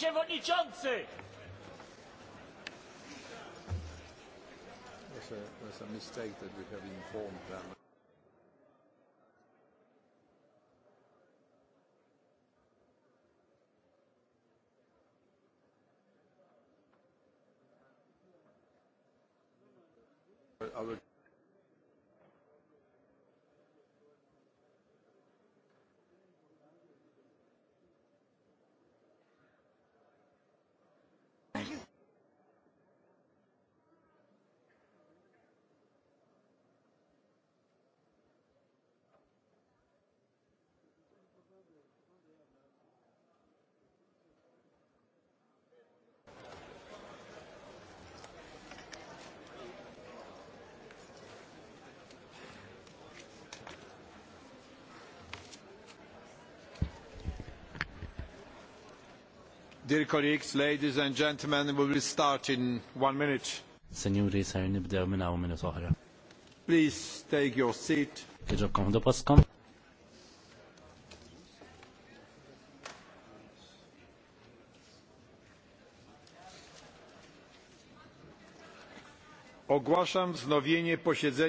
Przewodniczący! There's a, there's a mistake that we have informed them. Our Dear colleagues, ladies and gentlemen, we will start in one minute. Senjuri, ser nibdew minna u minut oħra. Please take your seat. Kieġobkom do paskom. Ogłaszam wznowienie posiedzenia.